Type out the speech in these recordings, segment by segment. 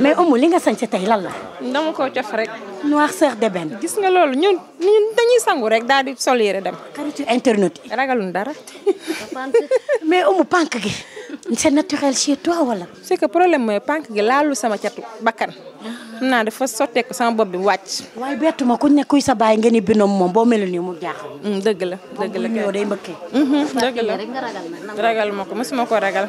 mais Oumou li nga sañ tey lan la. dama ko cof rek. noirceur d'ébène. gis nga loolu ñun dañuy sangu rek daal di sol yére dem. xaritu internet yi. ragalun dara. mais Oumou pànk gi. c'est naturel si toi wala. c'est que problème mooy pànk gi laalu sama catu bakkan. xam ah. naa dafa sotteeku sama bopp bi wàcc. waaye bettu ma ku ne kuy sa baay nga ni binom moom boo mel nii mu jaaxal. Mm, dëgg la dëgg la kay moom bu ñëw day mbëkkee. Mm-hmm, dëgg la ragal ma ko mosuma ko ragal.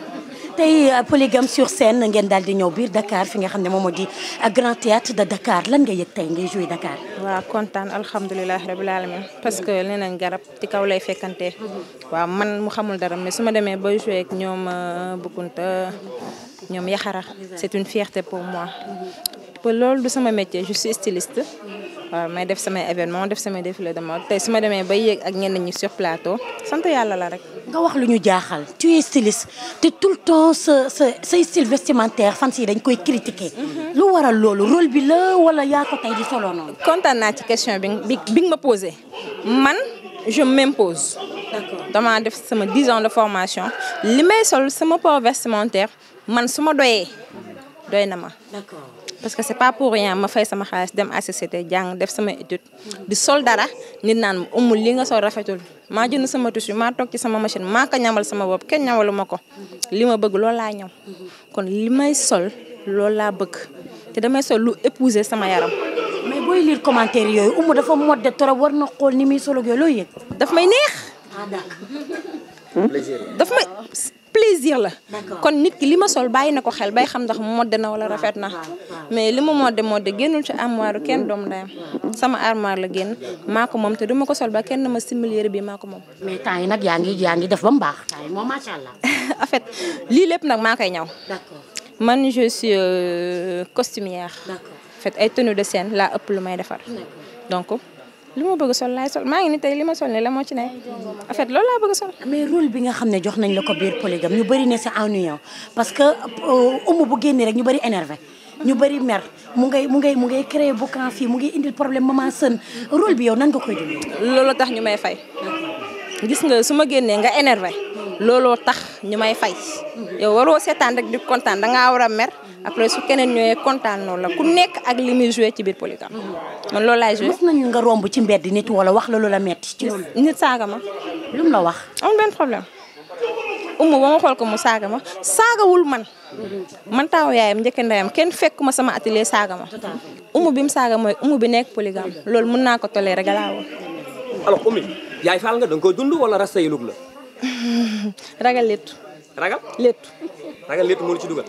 tey euh, polygame sur scène ngeen daal di ñëw biir Dakar fi nga xam ne moom moo di euh, grand théâtre de Dakar lan nga yëg tey ngay joué Dakar. waaw kontaan alhamdulilah rabil alamin parce que nee nañ garab ci kaw lay fekkante. waaw man mu xamul dara mais su ma demee ba joué ak ñoom euh, Bukunta ñoom Yaxara. c'est une fierté pour moi. pour loolu du sama métier je suis styliste. waaw def samay événement def samay défilé de mode tey su demee bay yéeg ak ñenn ñi sur plateau yàlla la rek. nga wax lu ñu jaaxal tu es styliste te tout le temps sa sa say style vestimentaire fan si dañ koy critiquer mhm. lu waral loolu rôle bi la wala yaa ko di solo noonu. kontaan naa ci question bi bi bi nga ma posé man je m'impose. d'accord damaa def sama 10 de formation li may sol sama port vestimentaire man su ma doyee doy na ma. parce que c'est pas pour rien ma fay sama xaalis dem HCCT jàng def sama étude di sol dara nit naan umul li nga sol rafetul maa jënd sama tissu maa toog ci sama machine ma ko ñamal sama bopp kenn ñawalu ma ko li ma bëgg loolu laa ñaw kon li may sol loolu laa bëgg te damay sol lu épouser sama yaram. mais booy lire commentaire yooyu umu dafa modde trop war na xool ni muy solo ak yooyu looy yëg. daf may neex. Ah, hmm? daf may. plaisir la. kon nit ki li ma sol bàyyi na ko xel bay xam ndax modde na wala rafet na mais li ma modde modde génnul ci armoire kenn doomu ndeyam sama armoire la génn maa moom te duma ko sol ba kenn ma simili bi maa moom. mais temps yi nag yaa ngi yaa ngi def ba mu baax. temps yi moom macha allah. fait lii lépp nag maa koy ñaw. man je suis euh, costumière. d'accord en fait ay tenues de scène laa ëpp lu may defar. donc. li ma bëgg sol laay sol maa ngi ni tey li ma sol ne la moo ci nekk en fait loolu laa bëgg sol. mais rôle bi nga xam ne jox nañ la ko biir polygame ñu bëri ne sa ennuyant parce que euh, umu bu génnee rek ñu bëri énervé ñu bëri mer mu ngay mu ngay mu ngay créer boucan fii mu ngay indil problème ma maman sën rôle bi yow nañ nga koy dund. looloo tax ñu may fay gis nga su ma génnee nga énervé looloo tax ñu may fay yow waroo seetaan rek di kontaan da war a mer. après su keneen ñëwee kontaan noonu la ku nekk ak li muy joué ci biir polygame. man loolu laay joué. mos nañu nga romb ci mbedd nit wala wax la lu la metti ci nit saaga ma. lu mu wax. amul benn problème. xool ko mu saaga ma saagawul man man taaw yaayam njëkk ndeyam kenn fekk ma sama atelier saaga ma umu bi mu saaga mooy umu bi nekk polygame loolu mën naa ko tolérer galaawul. alors umi yaay faal nga da dund wala rasta yi lug la. ragal léttu. ragal léttu. ragal ci dugal.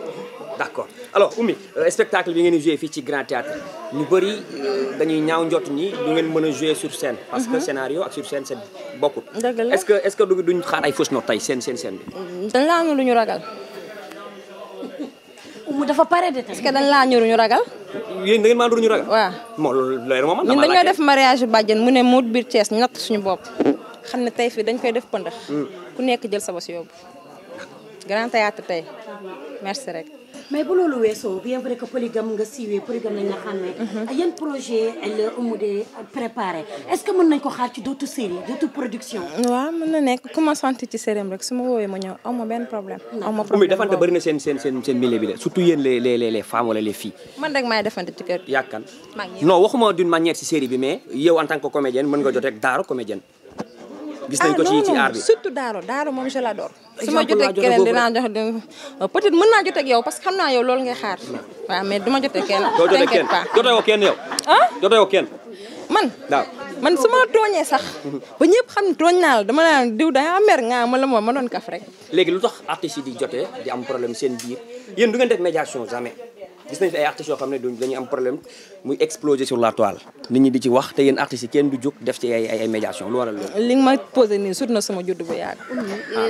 d' accord alors euh, spectacle bi ngeen di fii ci Grand Théâtre ñu bëri euh, dañuy ñaaw njot ñi du ngeen mën a joué sur scène. parce que mhm. scénario ak sur scène c'est bokkut. est ce que est ce que duñ xaar ay fausse note tey seen seen scène bi. dañ laa am lu ñu ragal. Oumou dafa pare de est ce que dañ laa ñëw ñu ragal. yéen da ngeen maa ñu ragal. waaw moom loolu moom ñun def mariage bàjjen mu ne mu biir Thiès ñett suñu bopp. xam ne tey fii dañ koy def pëndax. Mm. ku nekk jël sa bos yóbbu. mais bu loolu weesoo bien vrai que polygame nga siiwee polygame lañ la xàmmee. yan projet la Oumou préparé est-ce que mën nañ ko xaar ci dootu série dootu production. waaw mën na nekk ku ma ci série rek su ma woowee ma ñëw aw ma benn problème. man rek maay defante ci kër gi. yàkkan waxuma d'une manière ci série bi mais yow en tant que comédienne mën nga jot rek daaro comédienne. gis nañ ah, ko ci ci aar surtout Daaro Daaro moom je l'adore su ma jotee keneen dinaa jox peut être mën naa jotee ak parce que xam naa yow loolu ngay xaar mais du ma jotee kenn doo jotee kenn jotee ah? man waaw man su ma tooñee sax ba ñëpp xam ne tooñ naa dama naan diw daa mer ngaa ma la moom ma doon kaf rek léegi lu tax artistes yi di jotee di am problème seen biir yéen du ngeen def médiation jamais gis nañ fi ay artistes yoo xam ne duñ dañuy am muy exploser sur la toile nit ñi di ci wax te yéen artistes kenn du jóg def ci ay médiation lu waral loolu. li nga ma posé nii surtout na sama judd ah, ah,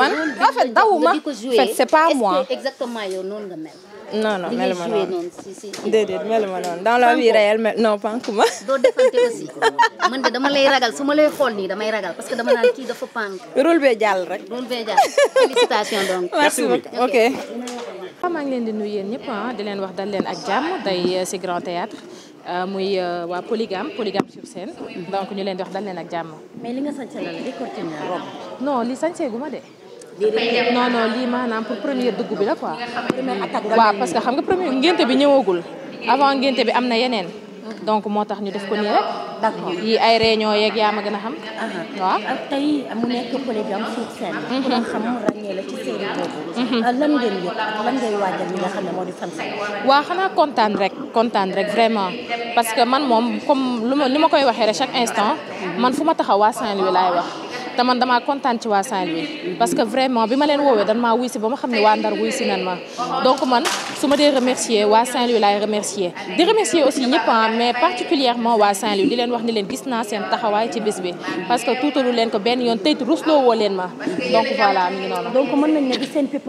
man en fait dawuma fait c'est pas moi. exactement yow noonu nga mel. non non melu ma ma la vie réelle mel non pankuma. doo defante aussi man de dama lay ragal su ma lay xool nii damay ragal parce que dama naan kii dafa pank. rôle rek. rôle maa ngi leen di nuyu yéen ñëpp ah, di leen wax dal leen ak jàmm day euh, si euh, muy euh, waa polygame polygame sur donc ñu leen di wax leen ak jàmm. mais li nga sañse la la décorté li ma de. non non maanaam pour première dugg bi la quoi. waaw parce que xam nga premier ngénte bi ñëwagul. avant ngénte bi am na yeneen. donc moo tax ñu def ko nii rek. d'accord yi ay réunion yeeg yaa ma gën a xam. Uh-huh. waaw ak tey mu nekk polygame la mhm. xam ràññee la mhm. uh, lan ngeen yëg lan ngay xanaa kontaan rek kontaan rek vraiment parce que man moom comme lu ma li ma koy waxee rek chaque instant man fu ma taxaw waa Saint-Louis laay wax. te man damaa kontaan ci waa Saint-Louis parce que vraiment bi ma leen woowee dan maa wuy si ba ma xam ne waa Ndar wuy si nan ma donc man su ma dee remercier waa Saint-Louis laay remercier di remercier aussi ñëpp ah, mais particulièrement waa Saint-Louis di leen wax ni leen gis naa seen taxawaay ci bés bi parce que tuutalu leen ko benn yoon tey rusloo woo leen ma donc voilà mi ngi donc mën nañ ne di seen rek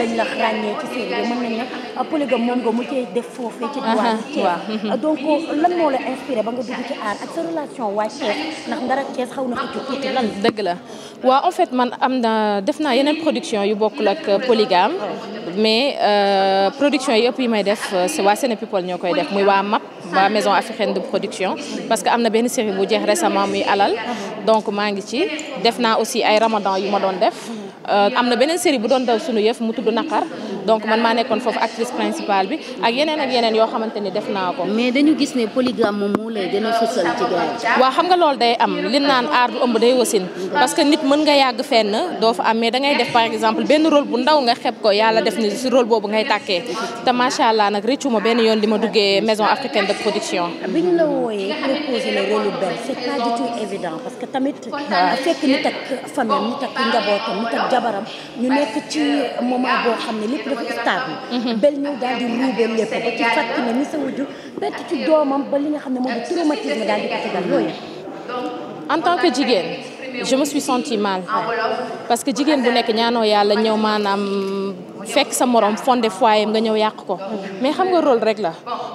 lañ la ràññee ci série bi mën nañ ne polygame moom nga mujjee def foofee ci diwaan Thiès euh, donc lan moo ba nga dugg ci aar ak sa relation dëgg la waaw en fait man am na def naa yeneen production yu bokkul ak euh, polygame oh. mais euh, production yi ëpp yi may def c'est waa Séné ñoo koy def muy waa MAP waa maison africaine de production parce que am na benn série bu jeex récemment muy alal donc maa ngi ci def naa aussi ay ramadan yu ma doon def Euh, am na beneen série bu doon daw sunu yëf mu tudd naqar donc man ma nekkoon foofu actrice principale bi ak yeneen ak yeneen yoo xamante ni def naa ko. mais dañu gis ne polygame moom moo lay gën xam nga loolu day am li naan aar du ëmb day wasin parce que nit mën nga yàgg fenn doo fa am mais da def par exemple benn rôle bu ndaw nga xeb ko yàlla def ni si rôle boobu ngay tàkkee te macha allah nag rëccu ma benn yoon li ma duggee maison africaine de production. bi ñu la wooyee proposé le rôle que tamit euh, fekk nit ak famille nit ak njabootam jabaram ñu nekk ci moment boo xam ne lépp dafa stable mhm. bel ñëw daal di ruube lépp ba ci fàtt ne ni sa wujju bett ci doomam ba li nga xam ne moom di traumatisme daal di ko tegal loolu en tant que jigéen je me suis sentie mal parce que jigéen bu nekk ñaanoo yàlla ñëw maanaam fekk sa morom fondé foyer nga ñëw yàq ko mais xam nga rôle rek la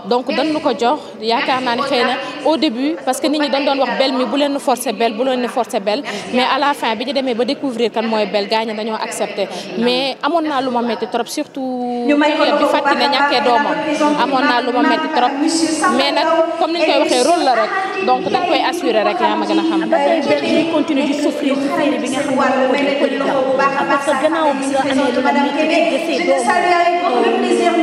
donc dañ nu jox yaakaar naa ne xëy na au début parce que nit ñi dañ doon wax bel mi bu leen forcé bel bu leen forcé bel mais à la fin bi ñu demee ba découvrir kan mooy bel gaañ dañoo accepté mais amoon naa lu ma métti trop surtout période bi Fati ne ñàkkee doomam amoon naa lu ma métti trop mais nag comme ni koy waxee rôle la rek donc dañ koy assurer rek yaa ma a laissé. Je ne savais avec aucun plaisir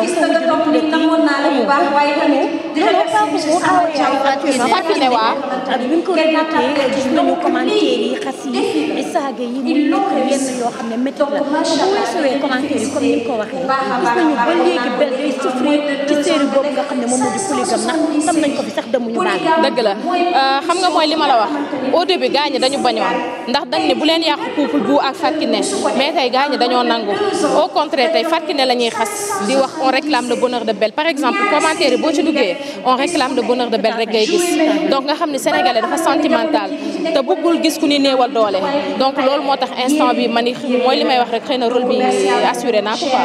gis na nga topp ni namoon naa la bu baax waaye tamit dina def si suñu awa yaay fàttali waa bi ñu ko remercié gis nañu commentaire ba léegi bel day nga xam ne moom moo di polygame ndax xam nañ ko fi sax demuñu baal dëgg la xam nga mooy li ma la wax au début gars ñi dañu bañoon ndax dañ ne bu leen yàq couple bu ak Fatou Kiné mais tey gars ñi dañoo nangu au contraire tey Fatou Kiné la xas di wax on réclame le bonheur de Belle par exemple commentaire yi boo ci duggee on réclame le bonheur de Belle rek ngay gis donc nga xam ne sénégalais dafa sentimental te bëggul gis ku ni néewal doole donc loolu moo tax instant bi ma ni mooy li may wax rek xëy na rôle bi assuré naa ko quoi.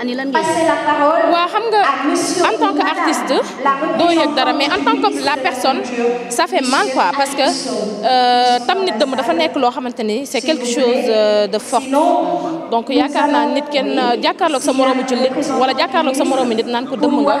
ani xam nga en tant que artiste doo yëg dara mais en tant que la personne saa fait mal quoi parce que euh, tam nit dëmm dafa nekk loo xamante ni c'est quelque chose euh, de fort donc yaakaar naa nit kenn euh, jàkkaarloog sa moroomu jullit wala jàkkaarloog sa moroomu nit naan ko dëmm nga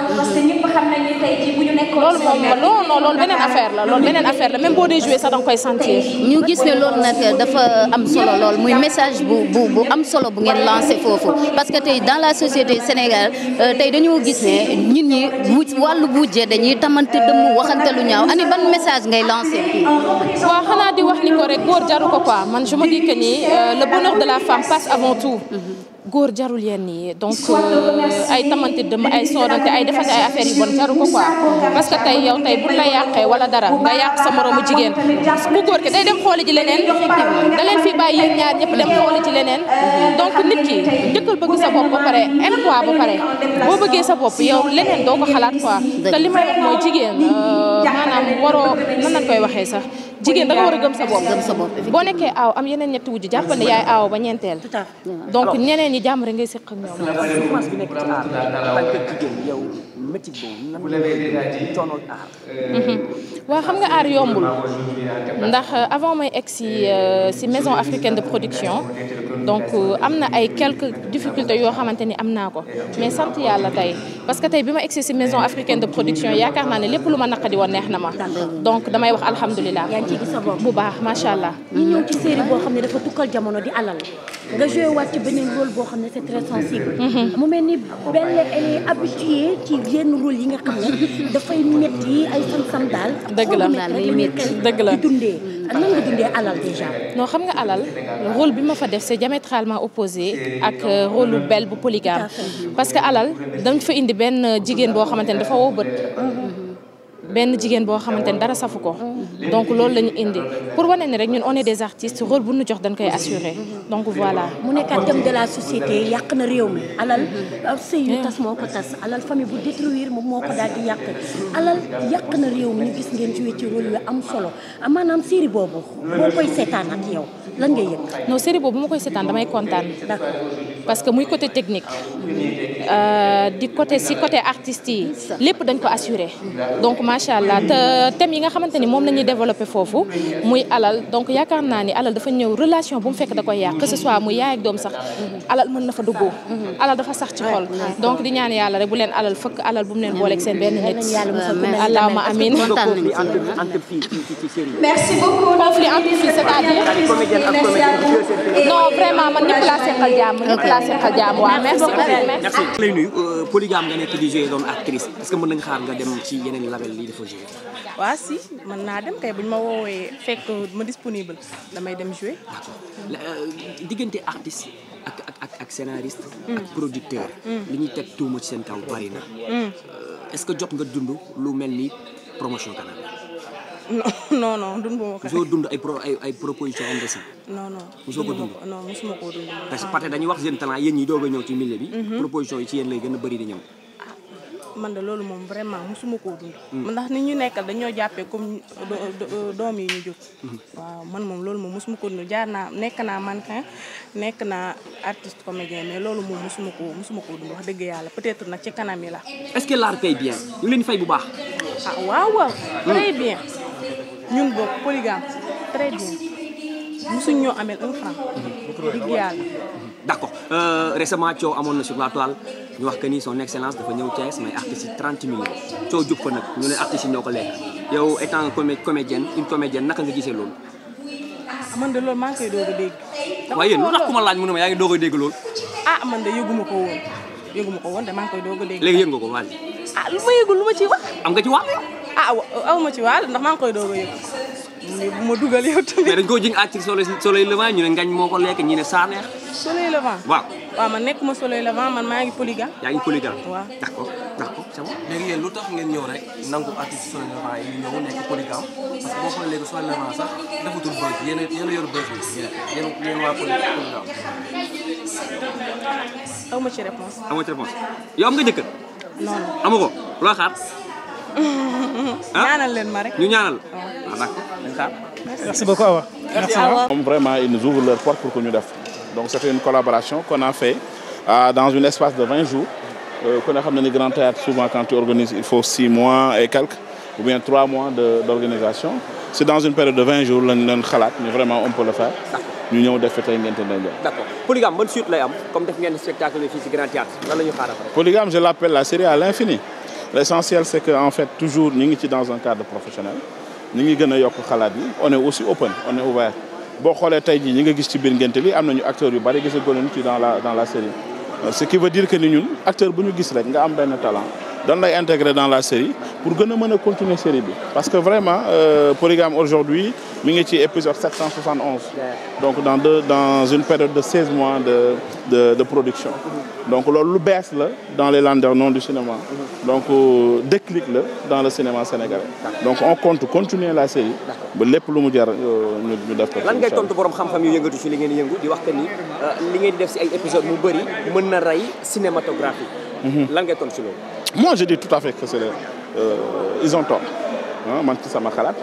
loolu moom non non loolu beneen affaire la lool beneen affaire la même boo dee jouer sax danga koy sentir ñu gis ne loolu nag dafa am solo lool muy message bu bu am solo bu ngeen lancé foofu société Sénégal euh, tey dañoo gis ne ñun ñi bu wàllu budget dañuy tamante dëmm waxante lu ñaaw ani ban message ngay lancé. waaw xanaa di wax ni ko rek góor jaru ko ko man je me dis que ni euh, le bonheur de la femme passe avant tout. góor jarul yenn yi donc ay tamante dëmm ay soodante ay defa ay affaires yu bon jaru ko quoi parce que tey yow tey bu la yàqee wala dara nga yàq sa moroomu jigéen bu góor ki day dem xooli ji leneen da leen fi bàyyi yéen ñaar ñëpp dem xooli ji leneen donc nit ki jëkkal bëgg sa bopp ba pare m quoi ba pare boo bëggee sa bopp yow leneen doo ko xalaat quoi te li may wax mooy jigéen euh, maanaam waroo nan lañ koy waxee sax jigéen da nga war a gëm sa bopp gëm sa bopp boo nekkee aaw am yeneen ñetti wujj jàppal ne yaay aaw ba ñeenteel donc ñeneen ñi jàmm rek ngay séq ak ñoom métier boobu nan euh, waaw xam nga aar yombul ndax euh, avant may egg si euh, si maison africaine de production donc am na ay quelques difficultés yoo xamante ni am naa ko mais sant yàlla tey parce que tey bi ma egg si maison africaine de production yaakaar naa ne lépp lu ma naqadi woon neex na ma. donc damay wax alhamdulilah. yaa ngi bu baax macha allah. ñu ñëw ci xam ne dafa tukkal jamono di alal. nga boo xam ne c'est très sensible. mu yi nga xam ne dafay métti ay sam-sam daal. dëgg la dëgg la dundee alal déjà. non xam nga alal rôle bi ma fa def c'est diamétralement opposé ak euh, rôle lu Belle bu polygame. parce que alal dañ fa indi benn jigéen boo xamante ne dafa wow bët. Mhm. benn jigéen boo xamante ne dara safu ko donc loolu la ñu indi pour wane ne rek ñun on est des artistes rôle bu ñu jox dañ koy assurer donc voilà. mu nekkaat thème de la société yàq na réew mi alal euh, sëy yu tas moo ko tas alal famille bu détruire moom di yàq réew mi gis ngeen ci wécc rôle am solo ah, maanaam série boobu boo koy seetaan ak yow lan ngay yëg. non série boobu bu ma koy seetaan damay kontaan. d'accord parce que muy côté technique. Mm-hmm. Euh, di côté si côté artist yi lépp dañ ko assuré donc macha allah te thème yi nga xamante ni moom la ñuy développé foofu muy alal donc yaakaar naa ni alal dafa ñëw relation bu mu fekk da koy yàq que ce soit muy yaay doom sax alal mën na fa dugg alal dafa sax ci xol donc di ñaan yàlla rek bu leen alal fëkk alal bu mu leen booleeg seen benn nit allahuma amin merci beaucoup conflit entre filles c'est-à-dire non vraiment man ñëpp laa seqal jàmm ñëpp laa merci beaucoup lay nuyu euh, polygame nga nekk di jouer doon actrice parce que mën nañ xaar nga dem ci yeneen label lii dafa jouer waaw si mën naa dem kay bu ñu ma woowee fekk ma disponible damay dem jouer d'accord euh, diggante artiste ak ak ak scénariste mm. ak producteur mm. li ñuy teg tuuma ci seen kaw bari na mm. euh, est-ce que jot nga dund lu mel ni promotion Canal non non dund ma ko. mosoo dund ay pro ay ay proposition indécente. non non mosoo ko dund non mosuma koo dund. parce dañuy wax seen talent yéen ñi doog a ñëw ci milieu bi. Mhm. proposition di ñëw. Ah, man de loolu moom vraiment mosuma koo dund. Mm. ndax ni ñu nekkal dañoo jàppee comme doom yi ñu jóg. Mhm. man moom loolu moom mosuma koo dund jaar naa nekk naa mannequin nekk naa artiste comédien mais loolu moom mosuma koo mosuma koo dund wax dëgg yàlla peut-être nag ci kanam yi la. est-ce que l'art paye bien ñu leen fay bu baax. ah waaw waaw. Mm. très bien. ñun boog polygame très bien mosuñ ñoo amel un franc. digg yàlla. d' accord euh, récemment coow amoon na si la toile ñu wax que ni son excellence dafa ñëw Thiès may artistes yi 30 millions coow jub ko nag ñu ne artistes yi ñoo ko lekk yow étant comé comédienne une naka nga gisee loolu. ah man de loolu maa ngi koy doog a dégg. waaye yéen ndax ma laaj mu ne ma yaa ngi doog a dégg loolu. ah man de yëgu ma ko woon yëgu ma ko de maa ngi koy doog a dégg. léegi ko waa ah lu ma yëgul lu ma ciy wax. am nga ci wax. ah aw ma ci waal ndax maa ngi koy doog a yëg bu ma dugal yow tamit. mais dañu koo jiñ àcc soleil levant ñu ne ngañ moo ko lekk ñu ne saaneex. soleil levant waaw. waaw man nekkuma soleil levant man maa ngi polygame. yaa ngi polygame waaw d'accord d'accord c'est bon. léegi yéen lu tax ngeen ñëw rek nangu artiste soleil levant yi ñëw nekk polygame parce que boo xoolee léegi soleil levant sax defatul buzz yéen a yéen a yor buzz bi yéen yéen waa polygame. aw ma ci réponse. aw ma ci réponse yow am nga jëkkër. non non amu ko loo xaar. Ah? ñaanal leen ma rek ñu ñaanal. Ah, merci beaucoup Awa. merci Awa. vraiment ils nous ouvrent leur porte pour que ñu def donc c'est une collaboration qu'on a fait euh, dans un espace de 20 jours. Euh, ku ne xam na ni Grand Théâtre souvent quand tu organises il faut six mois et quelques ou bien trois mois de d'organisation c'est dans une période de 20 jours lañ leen xalaat mais vraiment on peut le faire. ñu ñëw def fi tey ngeen tëddee njëriñ. d'accord Polygame ban suite lay am comme def ngeen spectacle fii ci Grand Théâtre lan la ñu xaaral. Polygame je l'appelle la série à l'infini l' essentiel c' est que en fait toujours ñu ngi ci dans un cadre professionnel ñu ngi gën a yokk xalaat yi on est aussi open on est ouvert boo xoolee tey jii ñi nga gis ci biir ngénte li am nañu acteurs yu bari gisa gonen ci dans la dans la série euh, ce qui veut dire que ni ñun acteur bu ñu gis rek nga am benn talent dañ lay intégrer dans la série pour gën a mën a continuer série bi parce que vraiment euh, Polygame aujourd'hui mi ngi ci épisode 771 donc dans deux dans une période de 16 mois de de de production donc loolu lu bees la dans les landerneaux du cinéma donc euh, déclic la dans le cinéma sénégalais donc on compte continuer la série ba lépp lu mu jar euh, ñu ñu def lan ngay tontu borom xam-xam yu yëngatu ci li ngeen yëngu di wax que ni euh, li ngeen def si ay épisode mu bëri mën na rey cinématographie mhm. lan ngay tontu ci loolu moi je dis tout à fait que c'est euh, ils ont tort man ci sama xalaat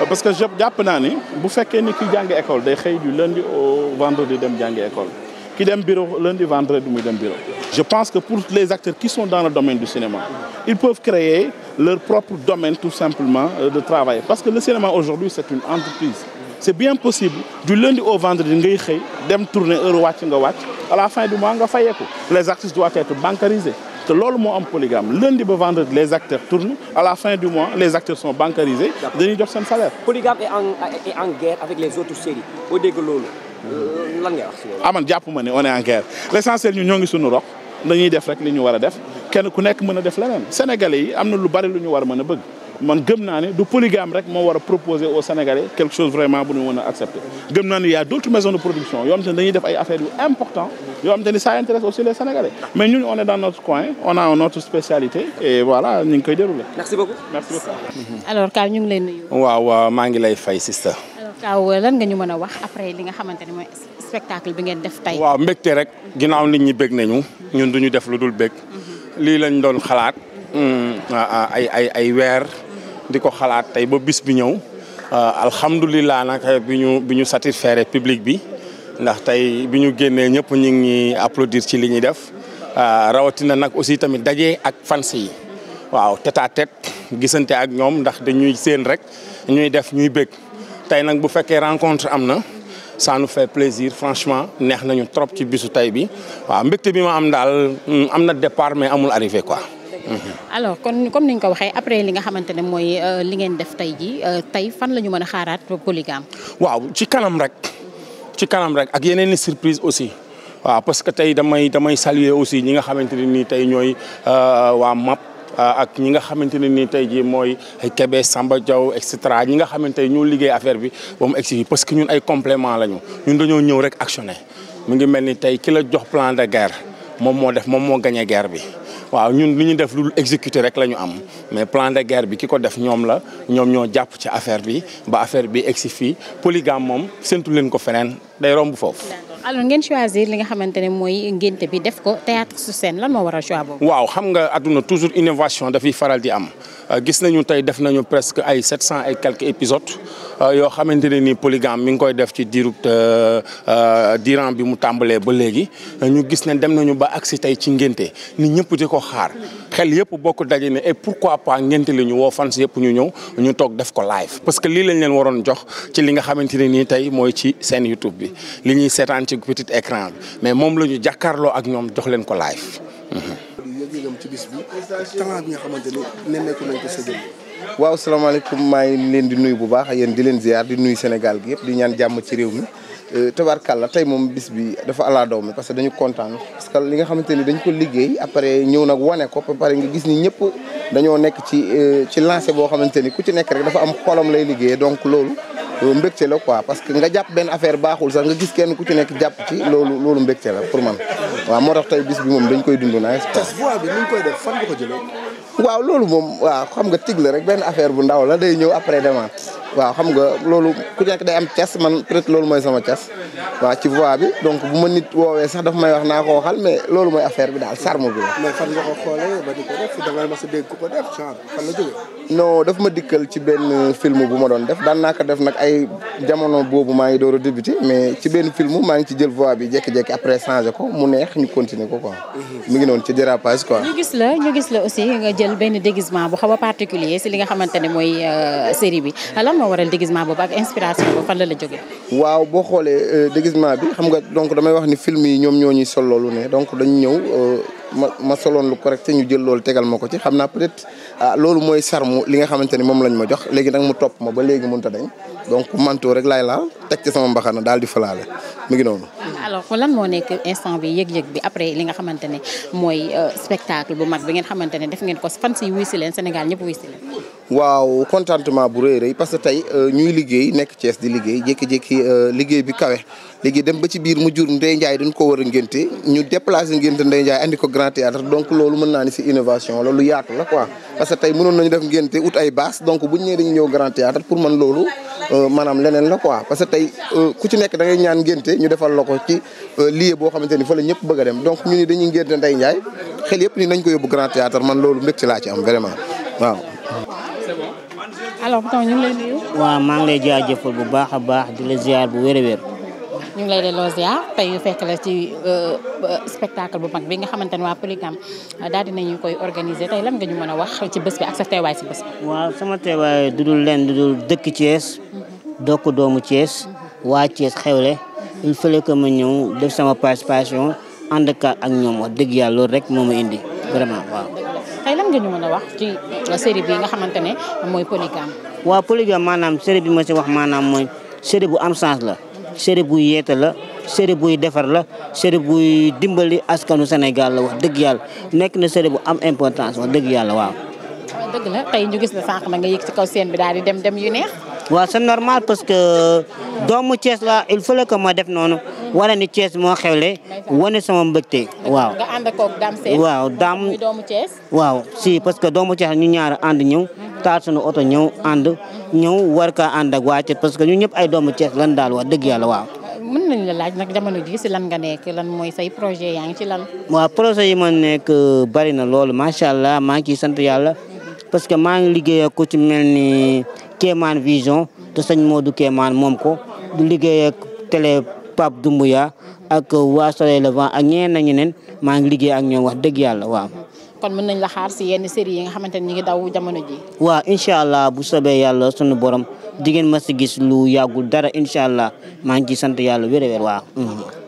Euh, parce que je jàpp naa bu fekkee ni ki jàngi école day xëy du lundi au vendredi dem jàngi école ki dem bureau lundi vendredi muy dem bureau je pense que pour les acteurs qui sont dans le domaine du cinéma ils peuvent créer leur propre domaine tout simplement euh, de travail parce que le cinéma aujourd'hui c'est une entreprise c'est bien possible du lundi au vendredi ngay xëy dem tourner heure wàcc nga wàcc à la fin du mois nga fayeeku les artistes doivent être te loolu moo am polygame lundi ba vendredi les acteurs tournent à la fin du mois les acteurs sont bancarisés. dañuy jox seen salaire. polygame est en est en guerre avec les autres séries. loolu euh, lan ngay wax si loolu. ah ma ne on est en guerre l' essentiel ñu ñoo ngi suñu rox dañuy def rek li ñu war a def kenn ku nekk mën a def leneen sénégalais yi am na lu bari lu ñu war a mën a bëgg. man gëm naa ne du polygame rek moo war a proposer au Sénégalais quelque chose vraiment bu ñu mën a accepter gëm naa ne y a d'autres maisons de production yoo xam te def ay affaires yu important yoo xam te ni ça intéresse aussi les Sénégalais mais ñun on dans notre coin on a notre spécialité et voilà ñu ngi koy dérouler. merci beaucoup merci beaucoup. alors Kaaw ñu ngi lay nuyu. waaw maa ngi lay fay sister. alors Kaaw lan nga ñu mën a wax après li nga xamante ne mooy spectacle bi ngeen def tey. waaw mbégte rek ginnaaw nit ñi bég nañu. ñun du ñu def lu dul bég. Mhm. lii lañ doon xalaat. Mm, ay ay ay weer. di ko xalaat tey ba bis bi ñëw euh, alhamdulilah nag bi ñu bi ñu satisfaire public bi ndax tey bi ñu génnee ñëpp ñu ngi applaudir ci li ñuy def euh, rawatina nag aussi tamit daje ak fans yi waaw tête à gisante ak ñoom ndax ñuy séen rek ñuy def ñuy bëgg tey nag bu fekkee rencontre am na ça nous fait plaisir franchement neex nañu trop ci bisu tey bi waaw mbégte bi ma am daal mm, am na départ mais amul arrivé quoi. alors kon comme ni nga ko waxee après li nga xamante ne mooy euh, li ngeen def tey ji euh, tey fan la ñu mën a xaaraat polygame. waaw ci kanam rek. ci kanam rek ak yeneen i surprise aussi. waaw parce que tey damay damay saluer aussi ñi nga xamante ne nii tey ñooy euh, waa MAP ak ñi nga xamante ne nii tey jii mooy kebe Samba Diaw et cetera ñi nga xamante ne ñoo liggéey affaire bi ba mu egsi parce que ñun ay complément la ñu ñun dañoo ñëw rek actionné mu ngi mel ni tey kila jox plan de guerre moom moo def moom moo gagné guerre bi. waaw ñun li ñu def lu exécuter rek la ñu am mais plan de guerre bi ki ko def ñoom la ñoom ñoo jàpp ci affaire bi ba affaire bi egsi fii polygame moom séntu leen ko feneen day romb foofu. alors ngeen choisir li nga xamante ne mooy ngénte bi def ko théâtre sur seen lan moo waral choix boobu. waaw xam nga àdduna toujours innovation dafiy faral di am. Euh, gis nañu tey def nañu presque ay sept cent et quelques épisodes euh, yoo xamante ne ni polygame mi ngi koy def ci diirub euh, diiran bi mu tàmbalee ba léegi ñu gis ne dem nañu ba agsi tey ci ngénte ni ñëpp di ko xaar xel yëpp bokk daje ne et pourquoi pas ngénte li ñu woo fans yëpp ñu ñëw ñu toog def ko live parce que lii lañ leen waroon jox ci li nga xamante ne nii tey mooy ci seen YouTube bi li ñuy seetaan ci petit écran bi mais moom la ñu jàkkaarloo ak ñoom jox leen ko live mm-hmm. yëg-yëgam ci bis bi talent bi nga xamante ni nemmeeku nañ ko sa jëm. waaw salaamaaleykum maa ngi leen di nuy bu baax a yéen di leen ziar di nuyu Sénégal gi yëpp di ñaan jàmm ci réew mi. Euh, te la tey moom bis bi dafa ala daw mi parce que dañu kontaan parce que li nga xamante ni dañ ko liggéey après ñëw nag wane ko ba pare nga gis ni ñëpp dañoo nekk ci euh, ci lancé boo xamante ni ku ci nekk rek dafa am xolam lay liggéeyee donc loolu euh, mbégte la quoi que nga jàpp benn affaire baaxul sax nga gis kenn ku ci nekk jàpp ci loolu loolu mbégte la pour man waaw moo tax tey bis bi moom dañ koy dundu naa ko jëlee waaw loolu moom waaw xam nga tig la rek benn affaire bu ndaw la day ñëw après demaat waaw xam nga loolu ku nekk day am cas man peut loolu mooy sama cas waaw ci voie bi donc bu ma nit woowee sax daf may wax naa ko waxal mais loolu mooy affaire bi daal sarmu bi la. mais fan nga ko xoolee ba di ko def da nga ko def genre fan la jógee. non daf ma dikkal ci benn film bu ma doon def daan naa ko def nag ay jamono boobu maa ngi door a débuté mais ci benn film maa ngi ci jël voix bi jékki-jékki après changé ko mu neex ñu continuer ko quoi. mu ngi noonu ci dérapage quoi. ñu gis la ñu gis la aussi nga jël benn déguisement bu xaw a particulier si li nga xamante ne mooy euh, série bi lan moo waral déguisement boobu ak inspiration boobu fan la la jógee. waaw boo xoolee euh, déguisement bi xam nga donc damay wax ni film yi ñoom ñoo ñuy sol loolu ne donc dañu ñëw. Euh, ma ma soloon lu correct ñu jël loolu tegal ma ko ci xam naa peut-être ah, loolu mooy sarmu li nga xamante ni moom lañ ma jox léegi nag mu topp ma ba léegi mënut a dañ donc manteau rek laay laal teg ci sama mbaxana daal di falaale mu ngi noonu. alors lan moo nekk instant bi yëg-yëg bi après li nga xamante ne mooy euh, spectacle bu mag bi ngeen xamante ne def ngeen ko fan si wuy si leen Sénégal ñëpp wuy si leen. waaw contentement bu rëy rëy parce que tey euh, ñuy liggéey nekk cees di liggéey jékki-jékki euh, liggéey bi kawe léegi dem ba ci biir mu jur Ndeye Ndiaye dañ ko war a ñu déplacé ngénte Ndeye Ndiaye andi ko Grand Théâtre donc loolu mën naa ni si innovation la lu yaatu la quoi parce que tey mënoon nañu def ngénte ut ay baas donc buñ ñëwee dañu ñëw Grand Théâtre pour man loolu euh, maanaam leneen la quoi parce que tey ku ci nekk da ñaan ngénte ñu defal la ko ci lieu boo xamante ni fa la ñëpp bëgg dem donc ñu ni dañuy ngénte Ndeye Ndiaye xel yëpp ni nañ ko yóbbu Grand Théâtre man loolu mbég ci laa ci am vraiment waaw alors Tonton lay nuyu. waaw maa ngi lay jaajëfal bu baax a baax di la ziar bu wér wér. ñu ngi lay delloo ziar tey ñu fekk la ci euh, spectacle bu mag bi nga xamante ne waa Polygame euh, daal dinañu koy organiser tey lam nga ñu mën a wax ci bës bi ak sa teewaay si bés bi. waaw sama teewaay du dul leen du dul dëkk Thiès. dokk doomu Thiès. waa Thiès xewle. il fallait que ma ñëw def sama participation ànd ak ak ñoom wax dëgg yàlla loolu rek moo ma indi vraiment nga ñu mën a wax ci série bi nga xamante mooy polygame. waaw polygame maanaam série bi ma si wax maanaam mooy série bu am sens la. série bu yeete la. série buy defar la série buy dimbali askanu Sénégal la wax dëgg yàlla nekk na série bu am importance wax dëgg yàlla waaw. dëgg la tey ñu gis na na nga yëg ci kaw seen bi daal di dem dem yu neex. waaw c'est normal parce que doomu cees la il faut ma def noonu wala ni Thiès moo xewle wane sama mbëgte waaw. nga ànd koog Dame Sène waaw Dame waaw si parce que doomu Thiès ñu ñaar ànd ñëw taal sunu oto ñëw ànd ñëw war kaa ànd ak waa Thiès parce que ñu ñëpp ay doomu cees lan daal waa dëgg yàlla waaw. mën nañ la laaj nag lan nga nekk lan mooy say projet yaa ngi ci lan. waaw projet yi ma nekk bari na loolu macha allah maa ngi ciy sant yàlla parce que maa ngi ku ci mel ni Kéemaan Vision te sëñ Modou Kéemaan moom ko du liggéey ak télé Pape Doumbouya ak waa Soleil Levant ak ñeneen ak ñeneen maa ngi liggéey ak ñoom wax dëgg yàlla waaw. kon mën nañ la xaar si yenn série yi nga xamante ne ñu ngi daw jamono ji. waaw incha allah bu soobee yàlla sunu borom di ngeen ma si gis lu yàggul dara incha allah maa ngi ciy sant yàlla wér